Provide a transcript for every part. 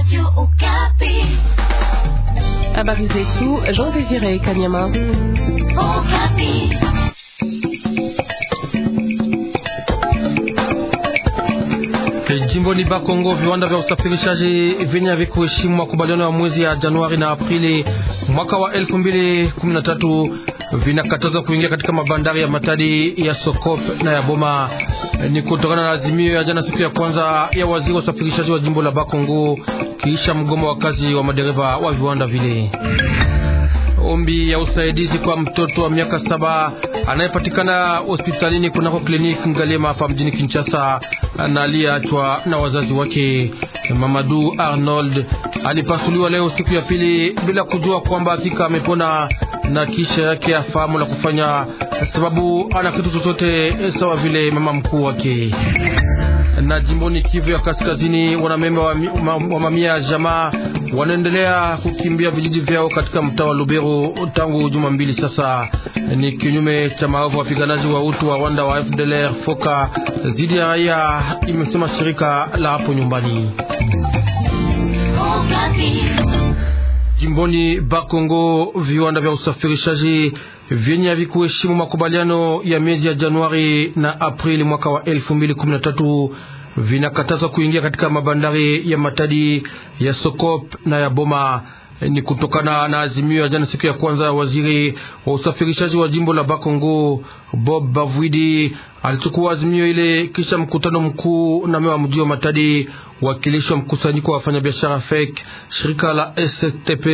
Radio Okapi. Habari zetu Jean Désiré Kanyama. Okapi. Jimboni Bakongo viwanda vya usafirishaji vyenye havikuheshimu makubaliano ya mwezi ya Januari na Aprili mwaka wa elfu mbili 2013 vinakatazwa kuingia katika mabandari ya Matadi, ya Sokop na ya Boma. Ni kutokana na azimio ya jana siku ya kwanza ya waziri wa usafirishaji wa jimbo la Bakongo kiisha mgomo wa kazi wa madereva wa viwanda vile. Ombi ya usaidizi kwa mtoto wa miaka saba anayepatikana hospitalini kunako kliniki Ngalema hapa mjini Kinshasa na aliyeachwa na wazazi wake. Mamadu Arnold alipasuliwa leo siku ya pili bila kujua kwamba hakika amepona na kisha yake afahamu la kufanya, sababu ana kitu chochote sawa vile mama mkuu wake. Na jimboni Kivu ya Kaskazini, wanamemba wa, ma, wa mamia ya jamaa wanaendelea kukimbia vijiji vyao katika mtaa wa Lubero tangu juma mbili sasa. Ni kinyume cha maovu wapiganaji wa utu wa Rwanda wa FDLR foka dhidi ya raia, imesema shirika la hapo nyumbani. Oh, Jimboni Bakongo, viwanda vya usafirishaji vyenye havikuheshimu makubaliano ya miezi ya Januari na Aprili mwaka wa 2013 vinakatazwa kuingia katika mabandari ya Matadi, ya Sokop na ya Boma. Eh, ni kutokana na azimio ya jana siku ya kwanza ya waziri wa usafirishaji wa jimbo la Bakongo Bob Bavwidi alichukua azimio ile kisha mkutano mkuu na mewa mji wa Matadi, wakilishi wa mkusanyiko wa wafanyabiashara FEC, shirika la STP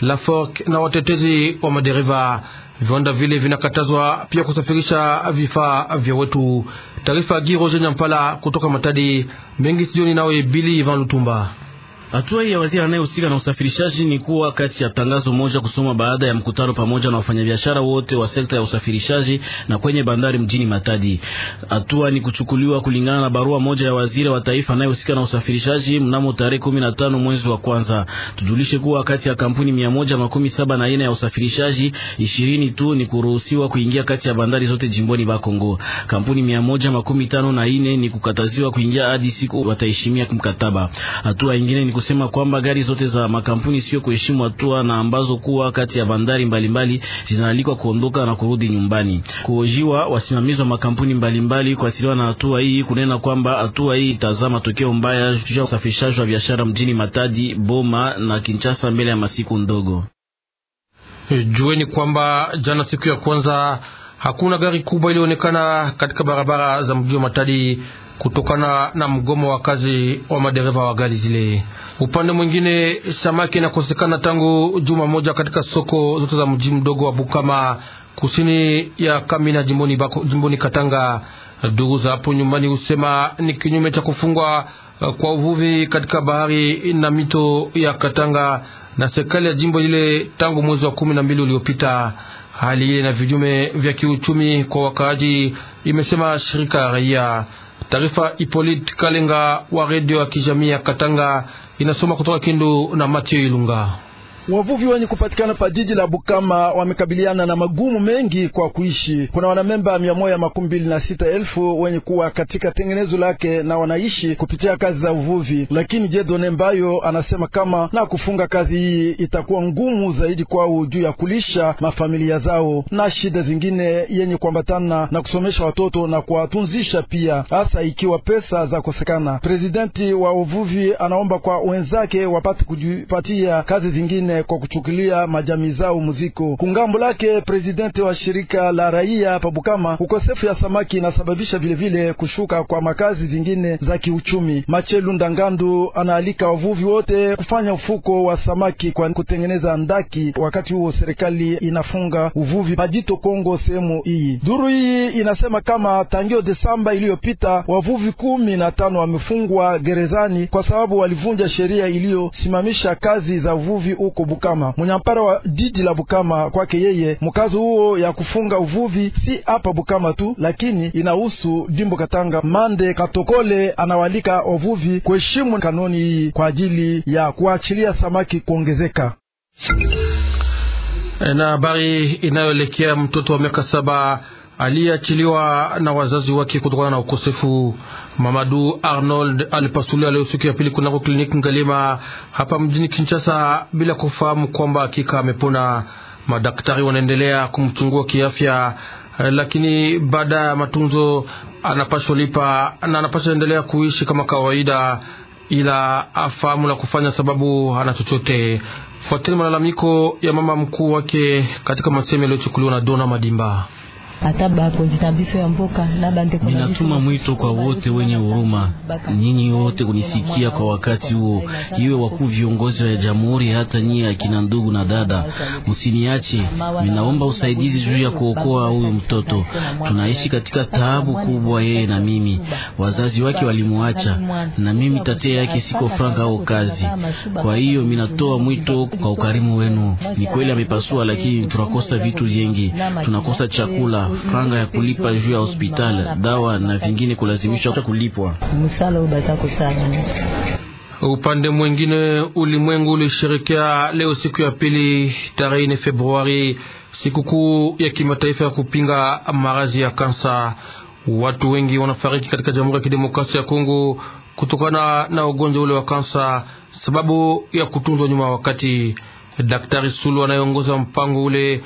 la FORK na watetezi wa madereva. Viwanda vile vinakatazwa pia kusafirisha vifaa vya wetu. Taarifa Giroje Nyampala kutoka Matadi, mengi sijoni nawe Bili Ivan Lutumba. Hatua ya waziri anayehusika na usafirishaji ni kuwa kati ya tangazo moja kusoma baada ya mkutano pamoja na wafanyabiashara wote wa sekta ya usafirishaji na kwenye bandari mjini Matadi. Hatua ni kuchukuliwa kulingana na barua moja ya waziri wa taifa anayehusika na usafirishaji mnamo tarehe 15 mwezi wa kwanza. Tujulishe kuwa kati ya kampuni 174 ya usafirishaji, 20 tu ni kuruhusiwa kuingia kati ya bandari zote jimboni Bakongo. Kampuni 154 ni kukataziwa kuingia hadi siku wataheshimia mkataba. Hatua nyingine ni kusema kwamba gari zote za makampuni sio kuheshimu hatua na ambazo kuwa kati ya bandari mbalimbali zinaalikwa kuondoka na kurudi nyumbani. Kuojiwa wasimamizi wa makampuni mbalimbali kuasiliwa na hatua hii, kunena kwamba hatua hii itazaa matokeo mbaya ya usafirishaji wa biashara mjini Matadi, Boma na Kinshasa mbele ya masiku ndogo. Jueni kwamba jana siku ya kwanza hakuna gari kubwa ilionekana katika barabara za mji wa Matadi kutokana na mgomo wa kazi wa madereva wa gari zile. Upande mwingine, samaki inakosekana tangu juma moja katika soko zote za mji mdogo wa Bukama kusini ya Kamina jimboni, Bako, jimboni Katanga. Ndugu za hapo nyumbani husema ni kinyume cha kufungwa uh, kwa uvuvi katika bahari na mito ya Katanga na serikali ya jimbo lile tangu mwezi wa kumi na mbili uliopita. Hali ile na vijume vya kiuchumi kwa wakaaji, imesema shirika ya raia. Taarifa Ipolit Kalenga wa redio ya kijamii ya Katanga inasoma kutoka Kindu na Mathieu Ilunga. Wavuvi wenye kupatikana pa jiji la Bukama wamekabiliana na magumu mengi kwa kuishi. Kuna wanamemba mia moja makumi mbili na sita elfu wenye kuwa katika tengenezo lake na wanaishi kupitia kazi za uvuvi, lakini Jedone Mbayo anasema kama na kufunga kazi hii itakuwa ngumu zaidi kwao juu ya kulisha mafamilia zao na shida zingine yenye kuambatana na kusomesha watoto na kuwatunzisha pia, hasa ikiwa pesa za kosekana. Presidenti wa uvuvi anaomba kwa wenzake wapate kujipatia kazi zingine wengine kwa kuchukulia majami zao muziko. Kungambo lake prezidenti wa shirika la raia Pabukama, ukosefu ya samaki inasababisha vilevile kushuka kwa makazi zingine za kiuchumi. Machelu Ndangandu anaalika wavuvi wote kufanya ufuko wa samaki kwa kutengeneza ndaki, wakati huo serikali inafunga uvuvi majito Kongo sehemu hii. Duru hii inasema kama tangio Desamba iliyopita wavuvi kumi na tano wamefungwa gerezani kwa sababu walivunja sheria iliyosimamisha kazi za uvuvi huko huko Bukama. Munyampara wa jiji la Bukama kwake yeye, mkazo huo ya kufunga uvuvi si hapa Bukama tu, lakini inahusu jimbo Katanga. Mande Katokole anawalika wavuvi kuheshimu kanuni hii kwa ajili ya kuachilia samaki kuongezeka e, na habari inayoelekea mtoto wa miaka saba aliyeachiliwa na wazazi wake kutokana na ukosefu Mamadu Arnold alipasuliwa leo siku ya pili kunako kliniki Ngalima hapa mjini Kinshasa bila kufahamu kwamba hakika amepona. Madaktari wanaendelea kumchungua kiafya, eh, lakini baada ya matunzo anapashwa lipa na anapashwa endelea kuishi kama kawaida, ila afahamu la kufanya sababu hana chochote. Fuatili malalamiko ya mama mkuu wake katika masemo yaliyochukuliwa na Dona Madimba ata bakonzitambiso ya mboka na bandeko. Ninatuma mwito kwa wote wenye huruma, nyinyi wote kunisikia kwa wakati huo, iwe wakuu viongozi wa jamhuri, hata nyie akina ndugu na dada, msiniache. Ninaomba usaidizi juu ya kuokoa huyu mtoto. Tunaishi katika taabu kubwa, yeye na mimi. Wazazi wake walimwacha, na mimi tatia yake siko franka au kazi. Kwa hiyo minatoa mwito kwa ukarimu wenu. Ni kweli amepasua, lakini tunakosa vitu vingi, tunakosa chakula franga ya kulipa juu ya hospital, dawa na vingine kulazimisha kulipwa. Upande mwingine, ulimwengu ulisherekea leo siku ya pili tarehe nne Februari sikukuu ya kimataifa ya kupinga maradhi ya kansa. Watu wengi wanafariki katika Jamhuri ya Kidemokrasia ya Kongo kutokana na ugonjwa ule wa kansa, sababu ya kutunzwa nyuma wakati. Daktari Sulu anayeongoza mpango ule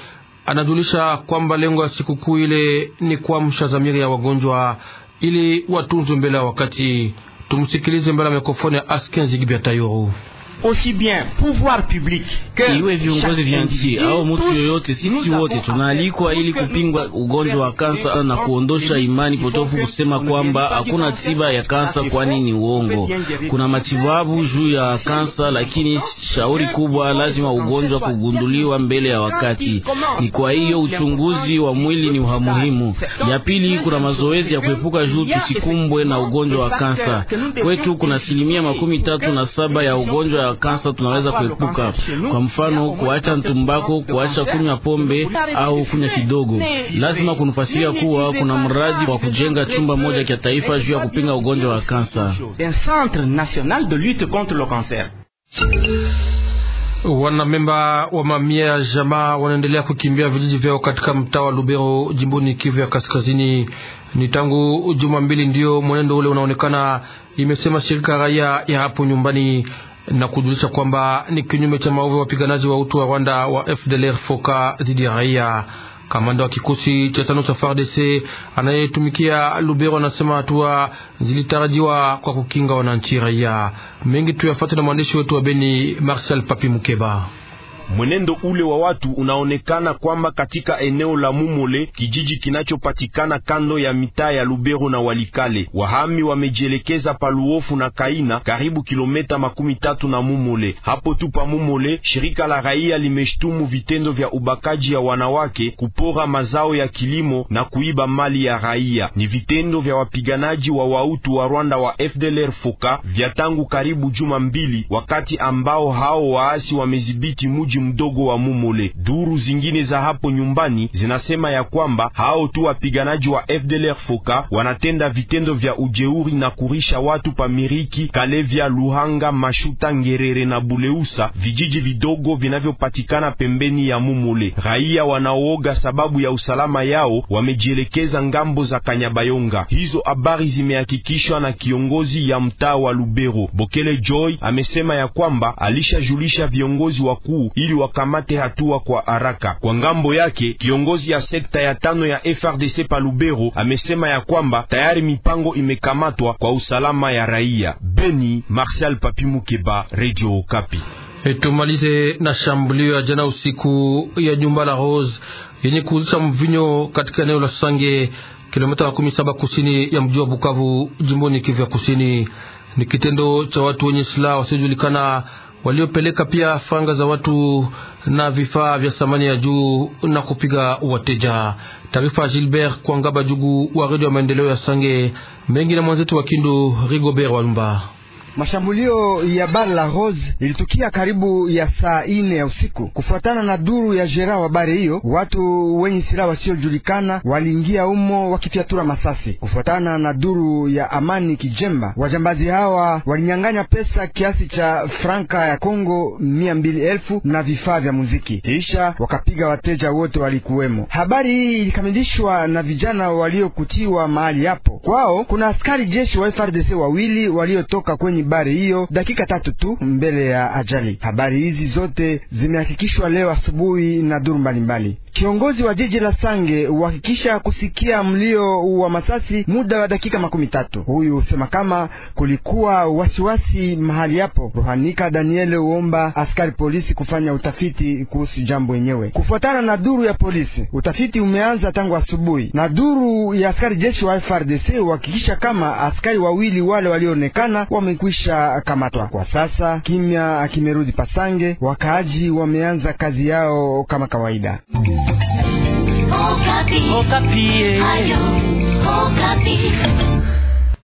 anajulisha kwamba lengo ya sikukuu ile ni kuamsha dhamiri ya wagonjwa ili watunzwe mbele ya wakati. Tumsikilize mbele ya mikrofoni ya Askenzi Tayuru aussi bien pouvoir public iwe viongozi vya nchi au mtu yoyote, sisi wote tunaalikwa ili kupingwa ugonjwa wa kansa na kuondosha imani potofu kusema kwamba hakuna tiba ya kansa, kwani ni uongo. Kuna matibabu juu ya kansa, lakini shauri kubwa, lazima ugonjwa kugunduliwa mbele ya wakati. Ni kwa hiyo uchunguzi wa mwili ni muhimu. Ya pili, kuna mazoezi ya kuepuka juu tusikumbwe na ugonjwa wa kansa. Kwetu kuna asilimia makumi tatu na saba ya ugonjwa kansa tunaweza kuepuka, kwa mfano kuacha ntumbako kuacha kunywa pombe au kunywa kidogo. Lazima kunufasia kuwa kuna mradi wa kujenga chumba moja kya taifa juu ya kupinga ugonjwa wa kansa. Wanamemba wa mamia ya jamaa wanaendelea kukimbia vijiji vyao katika mtaa wa Lubero jimboni Kivu ya Kaskazini. Ni tangu juma mbili ndio mwenendo ule unaonekana, imesema shirika raia ya hapo nyumbani na kujulisha kwamba ni kinyume cha maovu wapiganaji wa utu wa Rwanda wa FDLR foka dhidi ya raia. Kamanda wa kikosi cha tano cha FARDC anayetumikia Lubero anasema hatua zilitarajiwa kwa kukinga wananchi raia. Mengi tuyafuate na mwandishi wetu wa Beni Marcel Papi Mukeba. Mwenendo ule wa watu unaonekana kwamba katika eneo la Mumole, kijiji kinachopatikana kando ya mitaa ya Lubero na Walikale, wahami wamejielekeza pa Luofu na Kaina, karibu kilomita makumi tatu na Mumole. Hapo tu pa Mumole, shirika la raia limeshtumu vitendo vya ubakaji ya wanawake, kupora mazao ya kilimo na kuiba mali ya raia. Ni vitendo vya wapiganaji wa wautu wa Rwanda wa FDLR foka vya tangu karibu juma mbili, wakati ambao hao waasi wamezibiti muji mji mdogo wa Mumule. Duru zingine za hapo nyumbani zinasema ya kwamba hao tu wapiganaji wa FDLR Foka wanatenda vitendo vya ujeuri na kurisha watu pa Miriki, Kalevya, Luhanga, Mashuta, Ngerere na Buleusa, vijiji vidogo vinavyopatikana pembeni ya Mumole. Raia wanaooga sababu ya usalama yao wamejielekeza ngambo za Kanyabayonga. Hizo habari zimehakikishwa na kiongozi ya mtaa wa Lubero Bokele Joy amesema ya kwamba alishajulisha viongozi wakuu ili wakamate hatua kwa haraka. Kwa ngambo yake, kiongozi ya sekta ya tano ya FRDC Palubero amesema ya kwamba tayari mipango imekamatwa kwa usalama ya raia. Beni, Martial Papimukeba, Radio Okapi. Tumalize na shambulio ya jana usiku ya nyumba la Rose yenye kuuzisha mvinyo katika eneo la Sange, kilomita kumi saba kusini ya mji wa Bukavu, jimboni Kivu ya Kusini. Ni kitendo cha watu wenye silaha wasiojulikana waliopeleka pia faranga za watu na vifaa vya thamani ya juu na kupiga wateja. Taarifa ya Gilbert Kwangaba Jugu wa redio ya maendeleo ya Sange mengi na mwenzetu wa Kindu Rigobert Walumba. Mashambulio ya bar la Rose ilitukia karibu ya saa ine ya usiku. Kufuatana na duru ya jera wa bari hiyo, watu wenye silaha wasiojulikana waliingia umo wakifyatura masasi. Kufuatana na duru ya amani Kijemba, wajambazi hawa walinyang'anya pesa kiasi cha franka ya Kongo mia mbili elfu na vifaa vya muziki, kisha wakapiga wateja wote walikuwemo. Habari hii ilikamilishwa na vijana waliokutiwa mahali hapo. Kwao kuna askari jeshi wa FRDC wawili waliotoka kwenye habari hiyo dakika tatu tu mbele ya ajali. Habari hizi zote zimehakikishwa leo asubuhi na duru mbalimbali. Kiongozi wa jiji la Sange uhakikisha kusikia mlio wa masasi muda wa dakika makumi tatu. Huyu husema kama kulikuwa wasiwasi mahali hapo. Ruhanika Daniel uomba askari polisi kufanya utafiti kuhusu jambo yenyewe. Kufuatana na duru ya polisi, utafiti umeanza tangu asubuhi, na duru ya askari jeshi wa FRDC uhakikisha kama askari wawili wale walioonekana wamekwisha kamatwa. Kwa sasa kimya kimerudi Pasange, wakaaji wameanza kazi yao kama kawaida. Okapi. Okapi. Eh.